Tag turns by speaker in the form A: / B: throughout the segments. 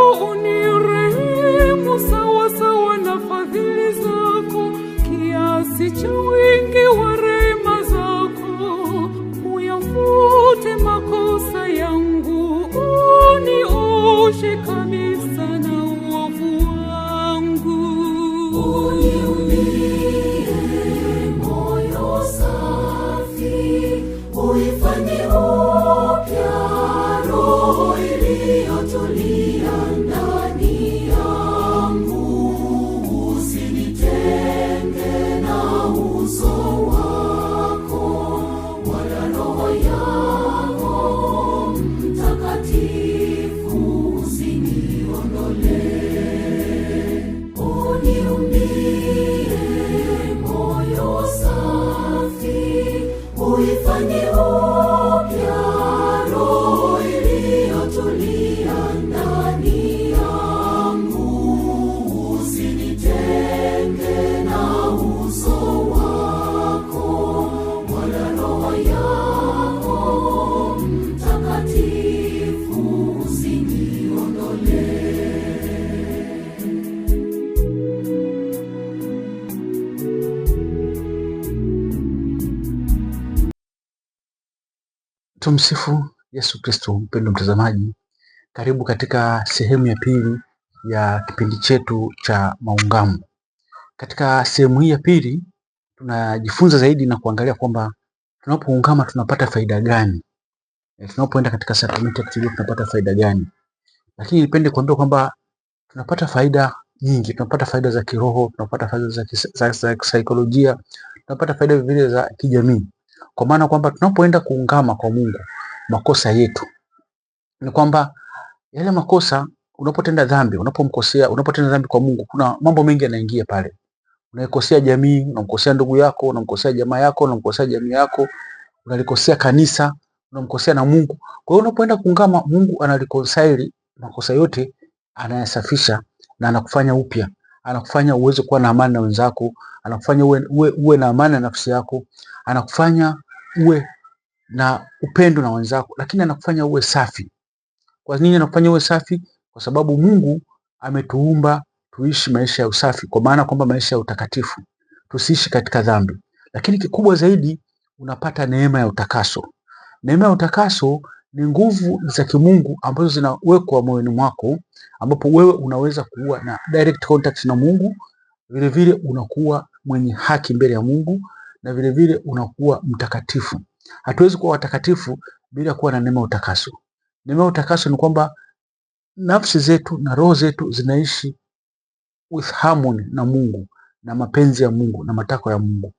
A: yako unirehemu sawa na fadhili zako kiasi cha wingi wa Tumsifu Yesu Kristo. Mpendo mtazamaji, karibu katika sehemu ya pili ya kipindi chetu cha maungamo. Katika sehemu hii ya pili tunajifunza zaidi na kuangalia kwamba tunapoungama tunapata faida gani, e, tunapoenda katika sakramenti ya Kichujio tunapata faida gani? Lakini nipende kuambia kwamba tunapata faida nyingi. Tunapata faida za kiroho, tunapata faida za, za, za, za kisaikolojia, tunapata faida vile za kijamii. Kwa maana kwamba tunapoenda kuungama kwa Mungu makosa yetu ni kwamba yale makosa, unapotenda dhambi, unapomkosea, unapotenda dhambi kwa Mungu, kuna mambo mengi yanaingia pale. Unaikosea jamii, unamkosea ndugu yako, unamkosea jamaa yako, unamkosea jamii yako, unalikosea kanisa, unamkosea na Mungu. Kwa hiyo unapoenda kuungama, Mungu analikonsaili makosa yote, anayasafisha na anakufanya upya, anakufanya uweze kuwa na amani na wenzako, anakufanya uwe, uwe, uwe na amani na nafsi yako, anakufanya uwe na upendo na wenzako, lakini anakufanya uwe safi. Kwa nini anakufanya uwe safi? Kwa sababu Mungu ametuumba tuishi maisha ya usafi, kwa maana kwamba maisha ya utakatifu, tusiishi katika dhambi. Lakini kikubwa zaidi, unapata neema ya utakaso. Neema ya utakaso ni nguvu za kimungu ambazo zinawekwa moyoni mwako, ambapo wewe unaweza kuwa na direct contact na Mungu, vilevile unakuwa mwenye haki mbele ya Mungu na vilevile unakuwa mtakatifu. Hatuwezi kuwa watakatifu bila kuwa na neema ya utakaso. Neema ya utakaso ni kwamba nafsi zetu na roho zetu zinaishi with harmony na Mungu na mapenzi ya Mungu na matakwa ya Mungu,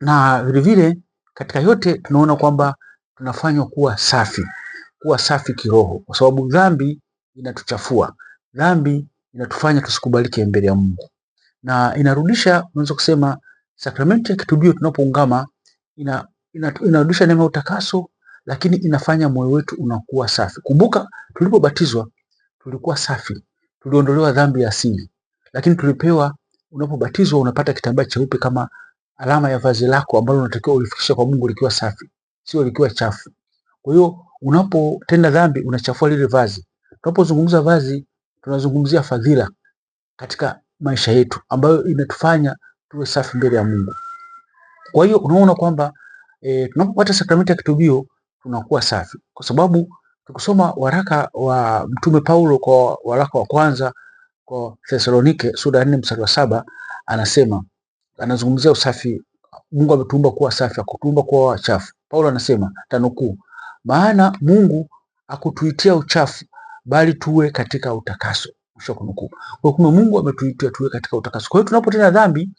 A: na vilevile katika yote tunaona kwamba tunafanywa kuwa safi, kuwa safi kiroho, kwa sababu dhambi inatuchafua, dhambi inatufanya tusikubalike mbele ya Mungu na inarudisha, unaweza kusema Sakramenti ya kitubio tunapoungama ina, ina, inarudisha neema ya utakaso, lakini inafanya moyo wetu unakuwa safi. Kumbuka tulipobatizwa tulikuwa safi, tuliondolewa dhambi ya asili, lakini tulipewa, unapobatizwa unapata kitambaa cheupe kama alama ya vazi lako ambalo unatakiwa ulifikisha kwa Mungu likiwa safi, sio likiwa chafu. Kwa hiyo unapotenda dhambi unachafua lile vazi. Tunapozungumza vazi tunazungumzia fadhila katika maisha yetu ambayo inatufanya tuwe safi mbele ya Mungu. Kwa hiyo unaona kwamba e, tunapopata sakramenti ya kitubio tunakuwa safi, kwa sababu tukisoma waraka wa mtume Paulo kwa waraka wa kwanza kwa Thesalonike sura ya 4 mstari wa saba anasema, anazungumzia usafi. Mungu ametuumba kuwa safi, hakutuumba kuwa wachafu. Paulo anasema tanukuu, maana Mungu akutuitia uchafu bali tuwe katika utakaso. Mwisho kunukuu. Kwa hiyo Mungu ametuitia tuwe katika utakaso. Kwa hiyo tunapotenda dhambi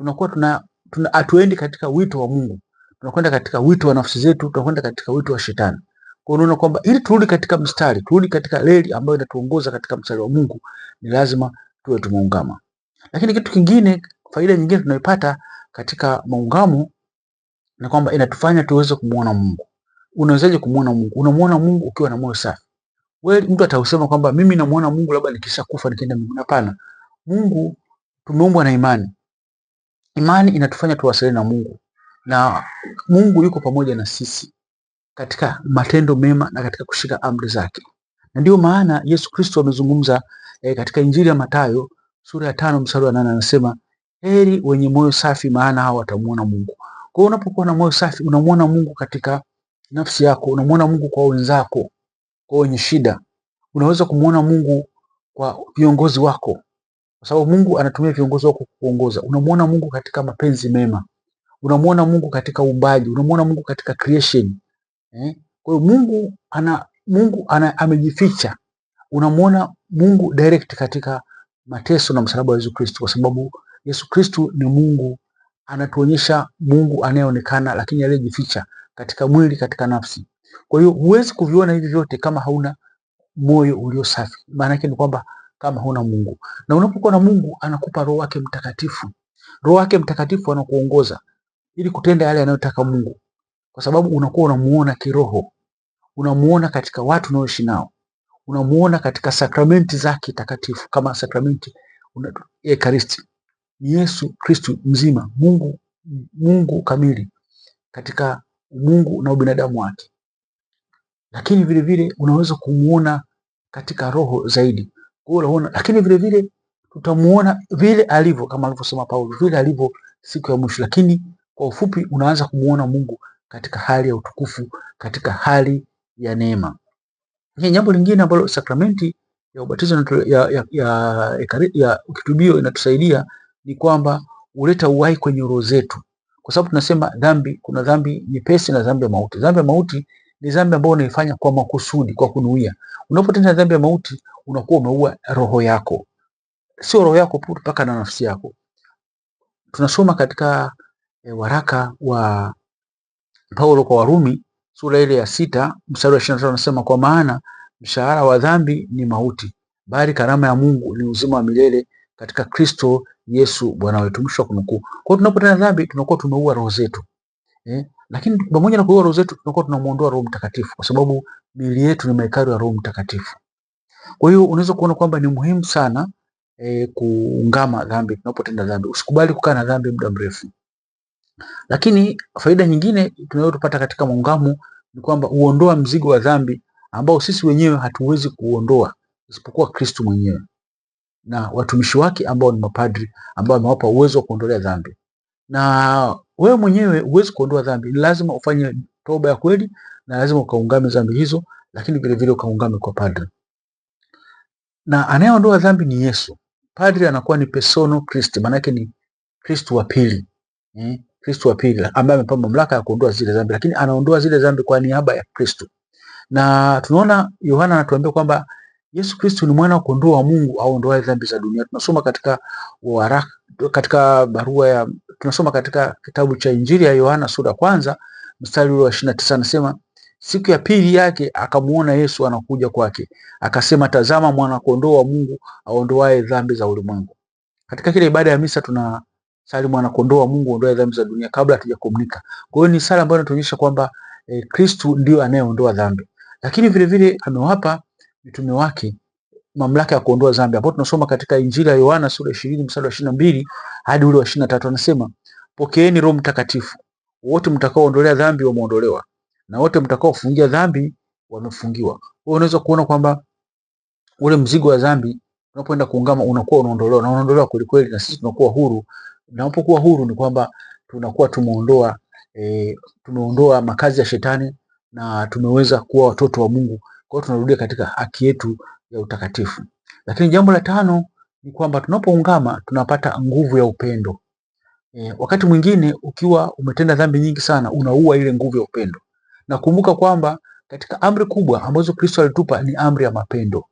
A: tunakuwa tuna tuna atuendi katika wito wa Mungu, tunakwenda katika wito wa nafsi zetu, tunakwenda katika wito wa shetani. Kwa unaona kwamba ili turudi katika mstari, turudi katika leli ambayo inatuongoza katika mstari wa Mungu, ni lazima tuwe tumeungama. Lakini kitu kingine, faida nyingine tunaipata katika maungamo na kwamba inatufanya tuweze kumuona Mungu. Unawezaje kumuona Mungu? Unamuona Mungu ukiwa na moyo safi. Wewe mtu atausema kwamba mimi namuona Mungu labda nikisha kufa nikienda mbinguni. Hapana. Mungu tumeumbwa na imani. Imani inatufanya tuwasiliane na Mungu na Mungu yuko pamoja na sisi katika matendo mema na katika kushika amri zake, na ndio maana Yesu Kristo amezungumza eh, katika Injili ya Mathayo sura ya tano mstari wa nane anasema, heri wenye moyo safi, maana hao watamuona Mungu. Kwa hiyo unapokuwa na moyo safi unamuona Mungu katika nafsi yako, unamuona Mungu kwa wenzako, kwa wenye shida, unaweza kumuona Mungu kwa viongozi wako, kwa sababu Mungu anatumia viongozi wako kukuongoza. Unamwona Mungu katika mapenzi mema, unamwona Mungu katika uumbaji, unamwona Mungu katika creation eh? Kwa hiyo Mungu ana Mungu ana, amejificha. Unamwona Mungu direct katika mateso na msalaba wa Yesu Kristo, kwa sababu Yesu Kristo ni Mungu, anatuonyesha Mungu anayeonekana lakini aliyejificha katika mwili, katika nafsi. Kwa hiyo huwezi kuviona hivi vyote kama hauna moyo ulio safi. Maana yake ni kwamba kama huna Mungu. Na unapokuwa na Mungu anakupa Roho wake Mtakatifu. Roho wake Mtakatifu anakuongoza ili kutenda yale anayotaka Mungu, kwa sababu unakuwa unamuona kiroho, unamuona katika watu unaoishi nao, unamuona katika sakramenti zake takatifu, kama sakramenti una Ni Yesu Kristu mzima, Mungu Mungu kamili katika Mungu na ubinadamu wake, lakini vilevile unaweza kumuona katika roho zaidi unaona, lakini vile vile tutamuona vile alivyo kama alivyosema Paulo, vile alivyo siku ya mwisho. Lakini kwa ufupi, unaanza kumuona Mungu katika hali ya utukufu, katika hali ya neema. Ni jambo lingine ambalo sakramenti ya ubatizo ya, ya, ya, ya kitubio inatusaidia ni kwamba uleta uhai kwenye roho zetu, kwa sababu tunasema dhambi, kuna dhambi nyepesi na dhambi ya mauti. Dhambi ya mauti ni dhambi ambayo unaifanya kwa makusudi, kwa kunuia. Unapotenda dhambi ya mauti unakuwa umeua roho yako, sio roho yako tu, mpaka na nafsi yako. Tunasoma katika e, waraka wa Paulo kwa Warumi sura ile ya sita mstari wa 25 anasema, kwa maana mshahara wa dhambi ni mauti, bali karama ya Mungu ni uzima wa milele katika Kristo Yesu Bwana wetu. Mwisho wa kunukuu. Kwa hiyo tunapotenda dhambi tunakuwa tumeua roho zetu eh? Lakini pamoja na kuua roho zetu tunakuwa tunamuondoa Roho Mtakatifu kwa sababu miili yetu ni mahekalu ya Roho Mtakatifu. Kwa hiyo unaweza kuona kwamba ni muhimu sana e, kuungama dhambi tunapotenda dhambi. Usikubali kukaa na dhambi muda mrefu. Lakini faida nyingine tunayotupata katika muungamo ni kwamba uondoa mzigo wa dhambi ambao sisi wenyewe hatuwezi kuondoa isipokuwa Kristo mwenyewe na watumishi wake ambao ni mapadri ambao amewapa uwezo wa kuondolea dhambi. Na wewe mwenyewe huwezi kuondoa dhambi, lazima ufanye toba ya kweli na lazima ukaungame dhambi hizo, lakini vile vile ukaungame kwa padri. Na anayeondoa dhambi ni Yesu. Padri anakuwa ni persona Christi, yake ni Kristo wa pili eh, hmm? Kristo wa pili ambaye amepewa mamlaka ya kuondoa zile dhambi, lakini anaondoa zile dhambi kwa niaba ya Kristo. Na tunaona Yohana anatuambia kwamba Yesu Kristo ni mwana wa kondoo wa Mungu aondoaye dhambi za dunia. Tunasoma katika waraka, katika barua ya tunasoma katika kitabu cha Injili ya Yohana sura kwanza mstari wa 29 anasema, siku ya pili yake akamuona Yesu anakuja kwake, akasema, tazama mwana kondoo wa Mungu aondoaye dhambi za ulimwengu. Katika kile ibada ya misa tuna sali mwana kondoo wa Mungu aondoaye dhambi za dunia kabla hatujakomunika. Kwa hiyo ni sala ambayo inatuonyesha kwamba eh, Kristu ndio anayeondoa dhambi, lakini vilevile amewapa mitume wake mamlaka ya kuondoa dhambi, ambapo tunasoma katika Injili ya Yohana sura 20 mstari wa 22 hadi ule wa 23, anasema pokeeni Roho Mtakatifu, wote mtakaoondolea dhambi wameondolewa, na wote mtakaofungia dhambi wamefungiwa. Kwa unaweza kuona kwamba ule mzigo wa dhambi unapoenda kuungama unakuwa unaondolewa na unaondolewa kweli kweli, na sisi tunakuwa huru. Unapokuwa huru ni kwamba tunakuwa tumeondoa e, tumeondoa makazi ya shetani na tumeweza kuwa watoto wa Mungu. Kwa hiyo tunarudia katika haki yetu ya utakatifu. Lakini jambo la tano ni kwamba tunapoungama tunapata nguvu ya upendo. E, wakati mwingine ukiwa umetenda dhambi nyingi sana unaua ile nguvu ya upendo. Nakumbuka kwamba katika amri kubwa ambazo Kristo alitupa ni amri ya mapendo.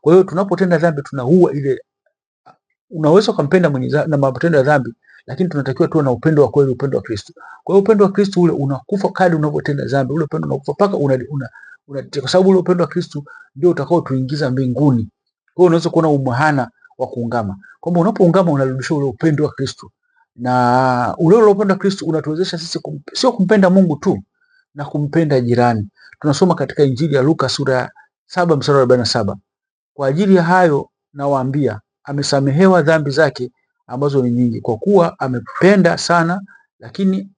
A: Kwa hiyo tunapotenda dhambi tunaua ile, unaweza kumpenda mwenye na matendo ya dhambi, lakini tunatakiwa tuwe na upendo wa kweli, upendo wa Kristo. Kwa hiyo upendo wa Kristo ule unakufa kadri unavyotenda dhambi, ule upendo unakufa paka una, una, kwa sababu ule upendo wa Kristo ndio utakaotuingiza mbinguni. Kwa hiyo unaweza kuona umuhana wa kuungama, kwamba unapoungama unarudisha ule upendo wa Kristo, na ule ule upendo wa Kristo unatuwezesha sisi kum, sio kumpenda Mungu tu na kumpenda jirani. Tunasoma katika Injili ya Luka sura ya saba mstari wa arobaini na saba kwa ajili ya hayo nawaambia, amesamehewa dhambi zake ambazo ni nyingi, kwa kuwa amependa sana. Lakini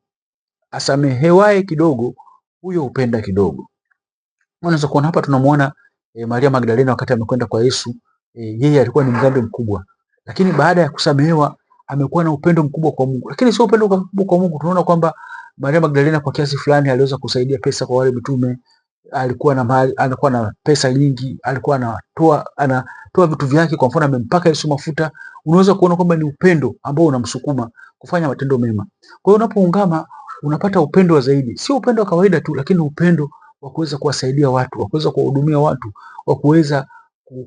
A: asamehewaye kidogo, huyo hupenda kidogo. Unaweza kuona hapa tunamuona e, Maria Magdalena wakati amekwenda kwa Yesu e, yeye alikuwa ni mdhambi mkubwa, lakini baada ya kusamehewa amekuwa na upendo mkubwa kwa Mungu. Lakini sio upendo mkubwa kwa Mungu, tunaona kwamba Maria Magdalena kwa kiasi fulani aliweza kusaidia pesa kwa wale mitume, alikuwa na mali, alikuwa na pesa nyingi, alikuwa anatoa anatoa vitu vyake, kwa mfano amempaka Yesu mafuta. Unaweza kuona kwamba ni upendo ambao unamsukuma kufanya matendo mema. Kwa hiyo unapoungama unapata upendo wa zaidi, sio upendo wa kawaida tu, lakini upendo wa kuweza kuwasaidia watu, wa kuweza kuwahudumia watu, wa kuweza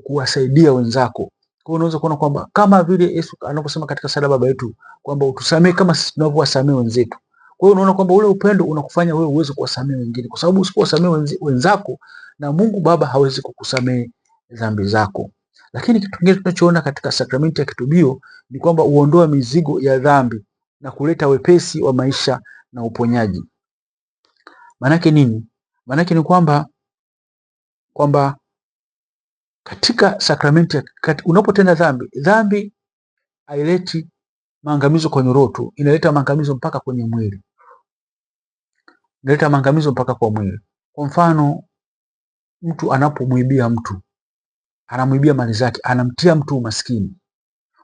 A: kuwasaidia wenzako. Kwa hiyo unaweza kuona kwamba kama vile Yesu anaposema katika sala Baba yetu kwamba utusamee kama sisi tunavyowasamee wenzetu. Kwa hiyo unaona kwamba ule upendo unakufanya wewe uweze kuwasamee wengine, kwa sababu usipowasamee wenzako na Mungu Baba hawezi kukusamee dhambi zako. Lakini kitu kingine tunachoona katika sakramenti ya kitubio ni kwamba uondoa mizigo ya dhambi na kuleta wepesi wa maisha na uponyaji. Maanake nini? Maanake ni kwamba kwamba katika sakramenti kat, unapotenda dhambi, dhambi haileti maangamizo kwenye roho tu, inaleta maangamizo mpaka kwenye mwili, inaleta maangamizo mpaka kwa mwili. Kwa mfano, mtu anapomwibia mtu, anamwibia mali zake, anamtia mtu umaskini.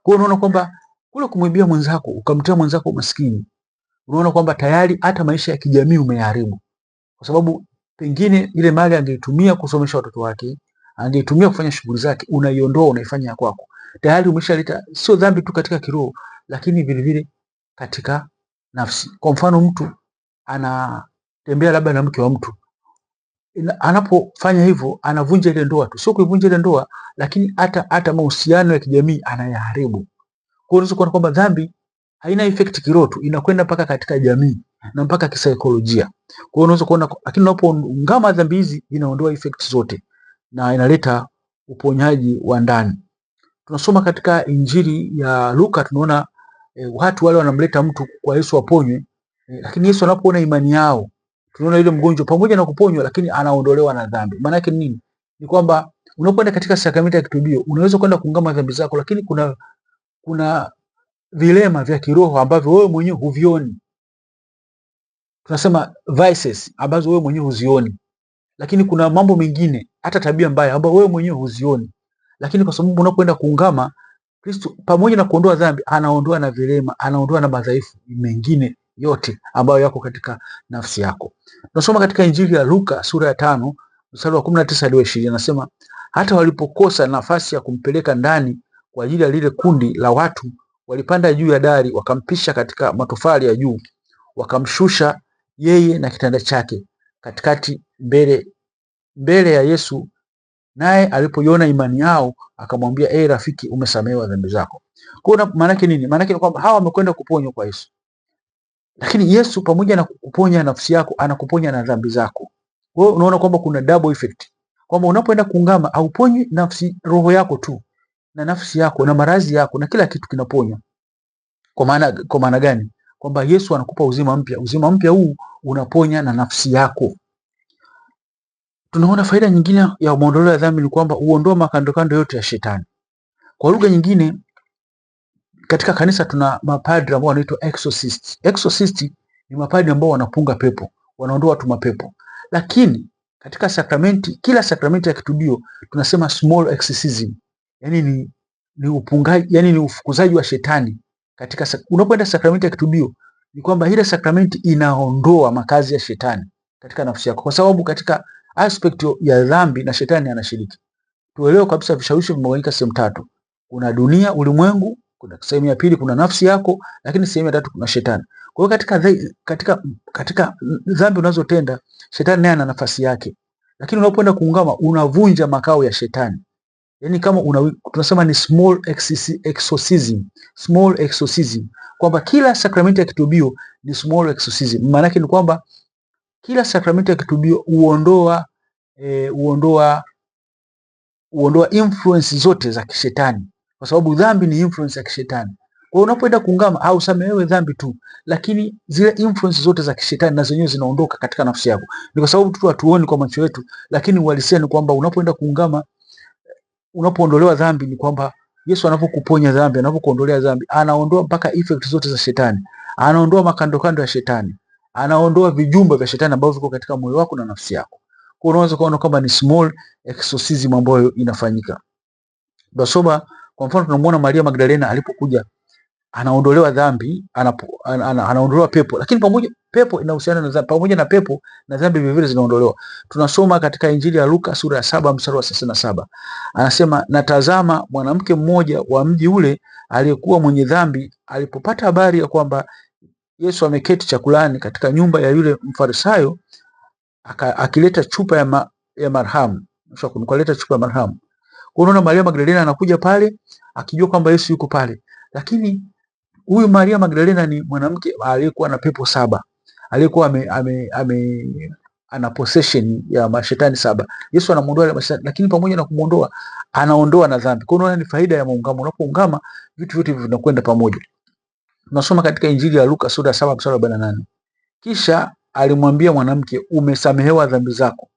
A: Kwa hiyo unaona kwamba kule kumwibia mwenzako ukamtia mwenzako umaskini, unaona kwamba tayari hata maisha ya kijamii umeharibu kwa sababu pengine ile mali angeitumia kusomesha watoto wake, angeitumia kufanya shughuli zake, unaiondoa unaifanya ya kwako, tayari umeshaleta sio dhambi tu katika kiroho, lakini vile vile katika nafsi. Kwa mfano, mtu anatembea labda na mke wa mtu, anapofanya hivyo anavunja ile ndoa tu, sio kuivunja ile ndoa, lakini hata hata mahusiano ya kijamii anayaharibu. Kwa hiyo unaweza kuona kwamba dhambi haina effect kiroho tu, inakwenda mpaka katika jamii na mpaka kisaikolojia. Kwa hiyo unaweza kuona, lakini unapoungama dhambi hizi inaondoa effects zote na inaleta uponyaji wa ndani. Tunasoma katika Injili ya Luka tunaona eh, watu wale wanamleta mtu kwa Yesu aponywe eh, lakini Yesu anapoona imani yao tunaona yule mgonjwa pamoja na kuponywa, lakini anaondolewa na dhambi. Maana yake nini? Ni kwamba unapoenda katika sakramenti ya kitubio unaweza kwenda kuungama dhambi zako, lakini kuna kuna vilema vya kiroho ambavyo wewe mwenyewe huvioni tunasema vices ambazo wewe mwenyewe huzioni, lakini kuna mambo mengine hata tabia mbaya ambayo wewe mwenyewe huzioni, lakini kwa sababu unapoenda kuungama Kristo, pamoja na kuondoa dhambi, anaondoa na vilema, anaondoa na madhaifu mengine yote ambayo yako katika nafsi yako. Tunasoma katika Injili ya Luka sura ya tano mstari wa 19 hadi 20, anasema hata walipokosa nafasi ya kumpeleka ndani kwa ajili ya lile kundi la watu, walipanda juu ya dari wakampisha katika matofali ya juu, wakamshusha yeye na kitanda chake, katikati mbele mbele ya Yesu. Naye alipoiona imani yao akamwambia, ee rafiki, umesamehewa dhambi zako. Kuna maana nini? Maana yake ni kwamba hawa wamekwenda kuponywa kwa Yesu, lakini Yesu pamoja na kukuponya nafsi yako anakuponya na dhambi zako. Kwa hiyo unaona kwamba kuna double effect, kwamba unapoenda kuungama hauponywi nafsi, roho yako tu na nafsi yako na maradhi yako na kila kitu kinaponywa. Kwa maana kwa maana gani? kwamba Yesu anakupa uzima mpya. Uzima mpya huu unaponya na nafsi yako. Tunaona faida nyingine ya maondoleo ya dhambi ni kwamba huondoa makandokando yote ya shetani. Kwa lugha nyingine, katika kanisa tuna mapadri ambao wanaitwa exorcists. Exorcist ni mapadri ambao wanapunga pepo, wanaondoa watu mapepo. Lakini katika sakramenti, kila sakramenti ya kitubio tunasema small exorcism, yani ni, ni upungaji, yani ni ufukuzaji wa shetani katika unapoenda sakramenti ya kitubio ni kwamba ile sakramenti inaondoa makazi ya shetani katika nafsi yako, kwa sababu katika aspect ya dhambi na shetani anashiriki. Tuelewe kabisa vishawishi vimegawanyika sehemu tatu: kuna dunia, ulimwengu, kuna sehemu ya pili, kuna nafsi yako, lakini sehemu ya tatu kuna shetani. Kwa hiyo katika katika katika dhambi unazotenda shetani naye ana nafasi yake, lakini unapoenda kuungama unavunja makao ya shetani yani kama una, tunasema ni small exorcism, small exorcism kwamba kila sakramenti ya kitubio ni small exorcism. Maana yake ni kwamba kila sakramenti ya kitubio huondoa e, huondoa huondoa influence zote za kishetani, kwa sababu dhambi ni influence ya kishetani. Kwa hiyo unapoenda kuungama au samehewe dhambi tu, lakini zile influence zote za kishetani na zenyewe zinaondoka katika nafsi yako. Ni kwa sababu tu hatuoni kwa macho yetu, lakini walisema ni kwamba unapoenda kuungama unapoondolewa dhambi ni kwamba Yesu anapokuponya dhambi, anapokuondolea dhambi, anaondoa mpaka effect zote za shetani, anaondoa makandokando ya shetani, anaondoa vijumba vya shetani ambavyo viko katika moyo wako na nafsi yako. Kwa unaweza kuona kwamba ni small exorcism ambayo inafanyika. Basoba, kwa mfano, tunamuona Maria Magdalena alipokuja anaondolewa dhambi, anapo, an, an, anaondolewa pepo, lakini pamoja pepo inahusiana na dhambi, pamoja na pepo na dhambi vivyo zinaondolewa. Tunasoma katika Injili ya Luka sura ya saba mstari wa thelathini na saba anasema, natazama mwanamke mmoja wa mji ule aliyekuwa mwenye dhambi alipopata habari ya kwamba Yesu ameketi chakulani katika nyumba ya yule Mfarisayo, akileta chupa ya, ma, ya marhamu kaleta chupa ya marhamu. Unaona Maria Magdalena anakuja pale akijua kwamba Yesu yuko pale, lakini Huyu Maria Magdalena ni mwanamke aliyekuwa na pepo saba, aliyekuwa ame, ame, ame ana possession ya mashetani saba. Yesu anamuondoa mashetani, lakini pamoja na kumuondoa anaondoa na dhambi. Kwa hiyo unaona ni faida ya muungamo. Unapoungama vitu vyote vinakwenda pamoja. Tunasoma katika Injili ya Luka sura ya 7 mstari wa 48. Kisha alimwambia mwanamke, umesamehewa dhambi zako.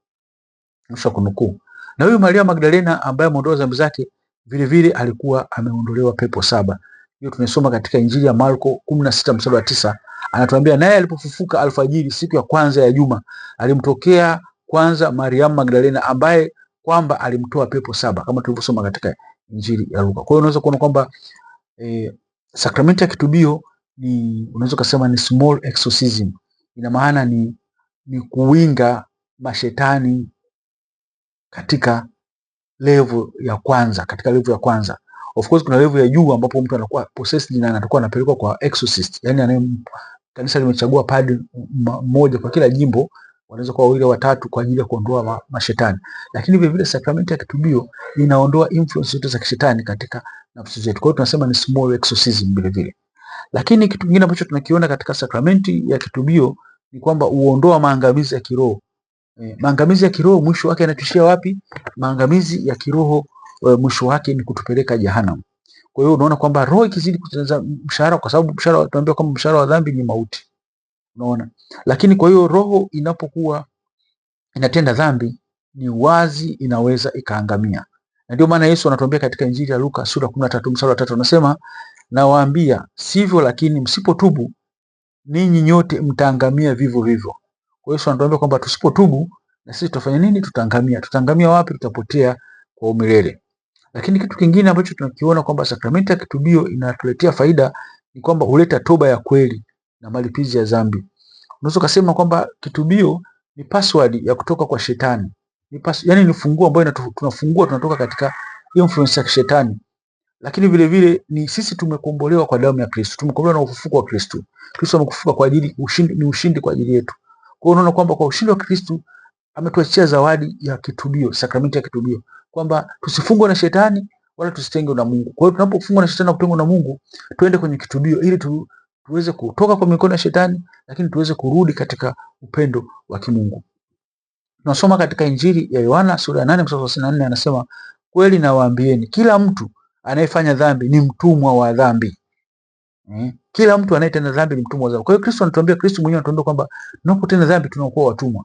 A: Mwisho kunukuu. Na huyu Maria Magdalena ambaye ameondoa dhambi zake vile vile alikuwa ameondolewa pepo saba hiyo tumesoma katika Injili ya Marko 16 mstari wa tisa. Anatuambia naye alipofufuka alfajiri siku ya kwanza ya juma alimtokea kwanza Mariamu Magdalena ambaye kwamba alimtoa pepo saba kama tulivyosoma katika Injili ya Luka. Kwa hiyo unaweza kuona kwamba eh, sakramenti ya kitubio ni unaweza kusema ni small exorcism. Ina maana ni ni kuwinga mashetani katika levo ya kwanza, katika levo ya kwanza. Of course kuna level ya juu ambapo mtu anakuwa possessed na anatakuwa anapelekwa kwa exorcist, yani anaye kanisa limechagua padri mmoja kwa kila jimbo, wanaweza kuwa wawili watatu kwa ajili ya kuondoa ma, mashetani. Lakini vile vile sakramenti ya kitubio inaondoa influence zote za kishetani katika nafsi zetu. Kwa hiyo tunasema ni small exorcism vile vile. Lakini kitu kingine ambacho tunakiona katika sakramenti ya kitubio ni kwamba uondoa maangamizi ya kiroho. E, maangamizi ya kiroho mwisho wake yanatishia wapi? Maangamizi ya kiroho Eh, mwisho wake ni kutupeleka jahanamu. Kwa hiyo unaona kwamba roho ikizidi kutengeneza mshahara, kwa sababu mshahara tunaambiwa kwamba mshahara wa dhambi ni mauti, unaona. Lakini kwa hiyo roho inapokuwa inatenda dhambi, ni wazi inaweza ikaangamia, na ndio maana Yesu anatuambia katika Injili ya Luka sura 13 mstari wa 3, anasema nawaambia sivyo, lakini msipotubu ninyi nyote mtaangamia vivyo hivyo. Kwa hiyo Yesu anatuambia kwamba tusipotubu na sisi tutafanya nini? Tutaangamia. Tutaangamia wapi? Tutapotea kwa umilele. Lakini kitu kingine ambacho tunakiona kwamba sakramenti ya kitubio inatuletea faida ni kwamba huleta toba ya kweli na malipizi ya dhambi. Unaweza kusema kwamba kitubio ni password ya kutoka kwa shetani. Ni pas, yani ni funguo ambayo tunafungua tunatoka katika influence ya shetani. Lakini vile vile ni sisi tumekombolewa kwa damu ya Kristo. Tumekombolewa na ufufuko wa Kristo. Kristo amekufufuka kwa ajili ushindi, ni ushindi kwa ajili yetu. Kwa hiyo unaona kwamba kwa ushindi wa Kristo ametuachia zawadi ya kitubio, sakramenti ya kitubio kwamba tusifungwe na shetani wala tusitengwe na Mungu. Kwa hiyo tunapofungwa na shetani na kutengwa na Mungu, tuende kwenye kitubio ili tu, tuweze kutoka kwa mikono ya shetani, lakini tuweze kurudi katika upendo wa kimungu. Tunasoma katika Injili ya Yohana sura ya 8 mstari wa 34, anasema kweli nawaambieni, kila mtu anayefanya dhambi ni mtumwa wa dhambi. Hmm. Kila mtu anayetenda dhambi ni mtumwa wa dhambi. Kwa hiyo Kristo anatuambia, Kristo mwenyewe anatuambia kwamba tunapotenda dhambi tunakuwa watumwa,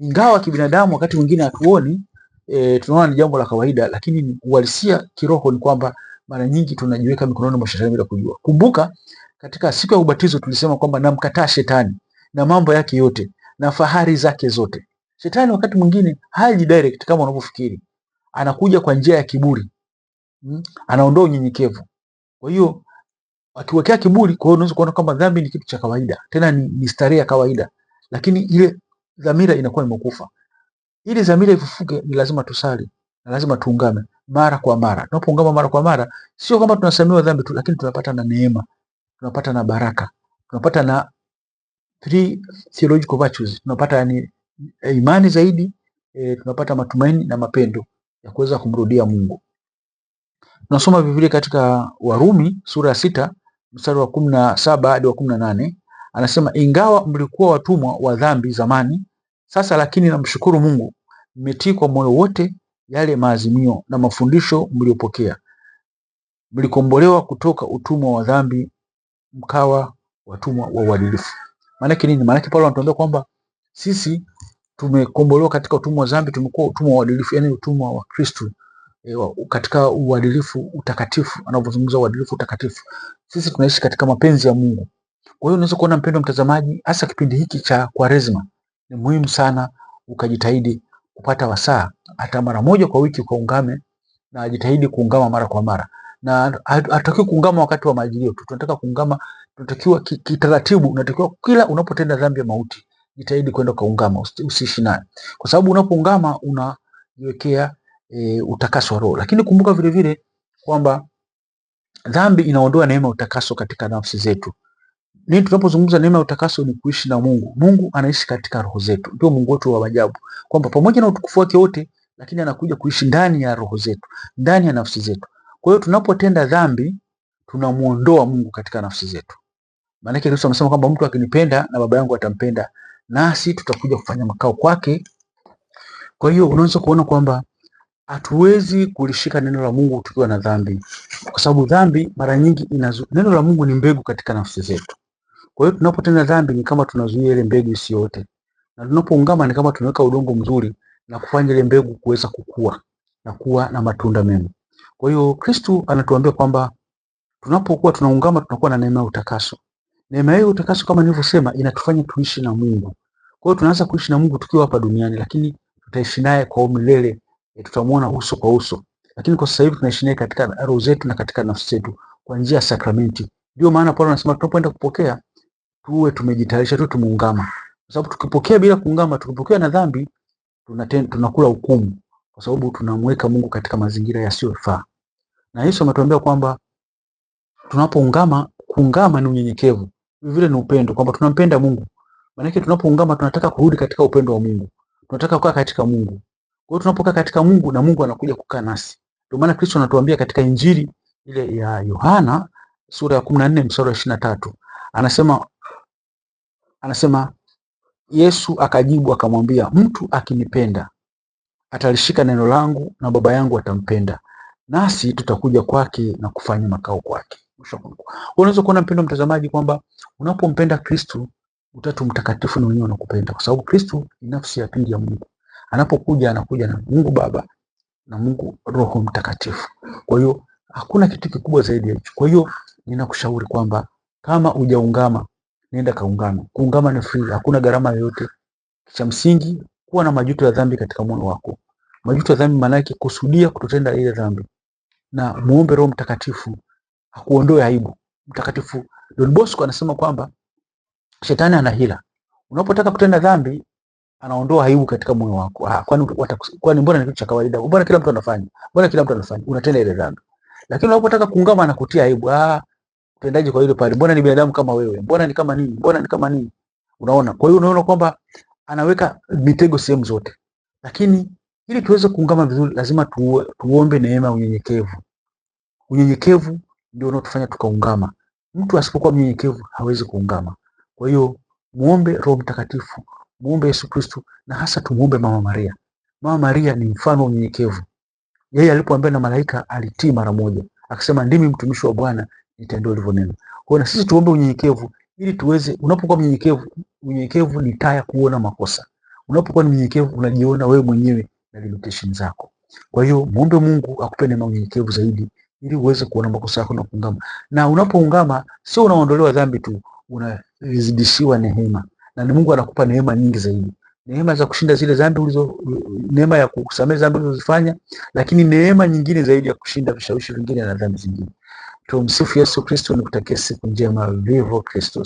A: ingawa kibinadamu wakati mwingine hatuoni e, tunaona ni jambo la kawaida, lakini uhalisia kiroho ni kwamba mara nyingi tunajiweka mikononi mwa shetani bila kujua. Kumbuka katika siku ya ubatizo tulisema kwamba namkataa shetani na mambo yake yote na fahari zake zote. Shetani wakati mwingine haji direct kama unavyofikiri, anakuja kwa njia ya kiburi hmm? Anaondoa unyenyekevu. Kwa hiyo akiwekea kiburi, kwa hiyo unaweza kuona kwamba dhambi ni kitu cha kawaida, tena ni, ni starehe ya kawaida, lakini ile dhamira inakuwa imekufa. Ili zamira ifufuke ni lazima tusali na lazima tuungame mara kwa mara. Tunapoungama mara kwa mara, sio kwamba tunasamiwa dhambi tu, lakini tunapata na neema, tunapata na baraka, tunapata na three theological virtues, tunapata yani eh, imani zaidi e, tunapata matumaini na mapendo ya kuweza kumrudia Mungu. Tunasoma Biblia katika Warumi sura ya sita mstari wa kumi na saba hadi wa kumi na nane anasema, ingawa mlikuwa watumwa wa dhambi zamani sasa lakini namshukuru Mungu, mmetii kwa moyo wote yale maazimio na mafundisho mliopokea. Mlikombolewa kutoka utumwa wa dhambi mkawa watumwa wa uadilifu. Maanake nini? Maanake Paulo anatuambia kwamba sisi tumekombolewa katika utumwa wa dhambi, tumekuwa utumwa wa uadilifu, yani utumwa wa Kristu Ewa, katika uadilifu utakatifu, anavyozungumza uadilifu utakatifu, sisi tunaishi katika mapenzi ya Mungu. Kwa hiyo unaweza kuona mpendo mtazamaji, hasa kipindi hiki cha Kwaresma ni muhimu sana ukajitahidi kupata wasaa hata mara moja kwa wiki ukaungame, na jitahidi kuungama mara kwa mara, na hatutaki kuungama wakati wa majilio tu, tunataka kuungama, tunatakiwa kitaratibu, unatakiwa kila unapotenda dhambi ya mauti jitahidi kwenda kaungama, usiishi naye, kwa sababu unapoungama unajiwekea e, utakaso wa roho. Lakini kumbuka vilevile kwamba dhambi inaondoa neema utakaso katika nafsi zetu. Ni tunapozungumza neno utakaso ni kuishi na Mungu. Mungu anaishi katika roho zetu. Ndio Mungu wetu wa ajabu. Kwamba pamoja na utukufu wake wote lakini anakuja kuishi ndani ya roho zetu, ndani ya nafsi zetu. Kwa hiyo tunapotenda dhambi tunamuondoa Mungu katika nafsi zetu. Maana yake Yesu amesema kwamba mtu akinipenda na Baba yangu atampenda nasi tutakuja kufanya makao kwake. Kwa hiyo unaweza kuona kwamba hatuwezi kulishika neno la Mungu tukiwa na dhambi, kwa sababu dhambi mara nyingi inazu... neno la Mungu ni mbegu katika nafsi zetu. Kwa hiyo tunapotenda dhambi ni kama tunazuia ile mbegu isiote, na tunapoungama ni kama tunaweka udongo mzuri na kufanya ile mbegu kuweza kukua na kuwa na matunda mema. Kwa hiyo Kristo anatuambia kwamba tunapokuwa tunaungama tunakuwa na neema ya utakaso. Neema hiyo utakaso, kama nilivyosema, inatufanya tuishi na Mungu. Kwa hiyo tunaanza kuishi na Mungu tukiwa hapa duniani, lakini tutaishi naye kwa milele, eh, tutamwona uso kwa uso. Lakini kwa sasa hivi tunaishi naye katika roho zetu na katika nafsi zetu kwa njia ya sakramenti. Ndio maana Paulo anasema tunapoenda kupokea tuwe tumejitayarisha tu tumeungama, kwa sababu tukipokea bila kuungama, tukipokea na dhambi, tunaten, tunakula hukumu, kwa sababu tunamweka Mungu katika mazingira yasiyofaa. Na Yesu ametuambia kwamba tunapoungama, kuungama ni unyenyekevu, vile ni upendo, kwamba tunampenda Mungu. Maana yake tunapoungama, tunataka kurudi katika upendo wa Mungu, tunataka kukaa katika Mungu. Kwa hiyo tunapokaa katika Mungu na Mungu anakuja kukaa nasi. Ndio maana Kristo anatuambia katika Injili ile ya Yohana sura ya 14 mstari wa 23 anasema Anasema Yesu akajibu akamwambia, mtu akinipenda atalishika neno langu, na Baba yangu atampenda, nasi tutakuja kwake na kufanya makao kwake. Unaweza kuona mpendo mtazamaji, kwamba unapompenda Kristu, Utatu Mtakatifu na wenyewe unakupenda, kwa sababu Kristu ni nafsi ya pili ya Mungu. Anapokuja anakuja na Mungu Baba na Mungu Roho Mtakatifu. Kwa hiyo hakuna kitu kikubwa zaidi ya hicho. Kwa hiyo ninakushauri kwamba kama ujaungama nenda kaungama. Kuungama ni free, hakuna gharama yoyote. Cha msingi kuwa na majuto ya dhambi katika moyo wako. Majuto ya dhambi maana yake kusudia kutotenda ile dhambi, na muombe Roho Mtakatifu akuondoe aibu. Mtakatifu Don Bosco anasema kwamba shetani ana hila, unapotaka kutenda dhambi anaondoa aibu katika moyo wako. Ah, kwani kwani, mbona ni kitu cha kawaida, mbona kila mtu anafanya, mbona kila mtu anafanya, unatenda ile dhambi. Lakini unapotaka kuungama anakutia aibu, ah unapendaje kwa hilo pale? Mbona ni binadamu kama wewe, mbona ni kama nini, mbona ni kama nini? Unaona, kwa hiyo unaona kwamba anaweka mitego sehemu zote, lakini ili tuweze kuungama vizuri, lazima tuwe, tuombe neema unyenyekevu. Unyenyekevu ndio unaotufanya tukaungama. Mtu asipokuwa mnyenyekevu hawezi kuungama. Kwa hiyo muombe Roho Mtakatifu, muombe Yesu Kristo, na hasa tumuombe Mama Maria. Mama Maria ni mfano wa unyenyekevu. Yeye alipoambiwa na malaika alitii mara moja, akasema ndimi mtumishi wa Bwana, nitendo ulivyo neno. Kwa na sisi tuombe unyenyekevu ili tuweze, unapokuwa mnyenyekevu, unyenyekevu ni taa ya kuona makosa. Unapokuwa mnyenyekevu unajiona wewe mwenyewe na limitation zako. Kwa hiyo muombe Mungu akupe neema unyenyekevu zaidi ili uweze kuona makosa yako na kuungama. Na unapoungama sio unaondolewa dhambi tu, unazidishiwa neema. Na Mungu anakupa neema nyingi zaidi. Neema za kushinda zile dhambi ulizo, neema ya kusamehe dhambi ulizozifanya, lakini neema nyingine zaidi ya kushinda vishawishi vingine na dhambi zingine. Tumsifu Yesu Kristo, nikutakia siku njema. Vivo Kristo.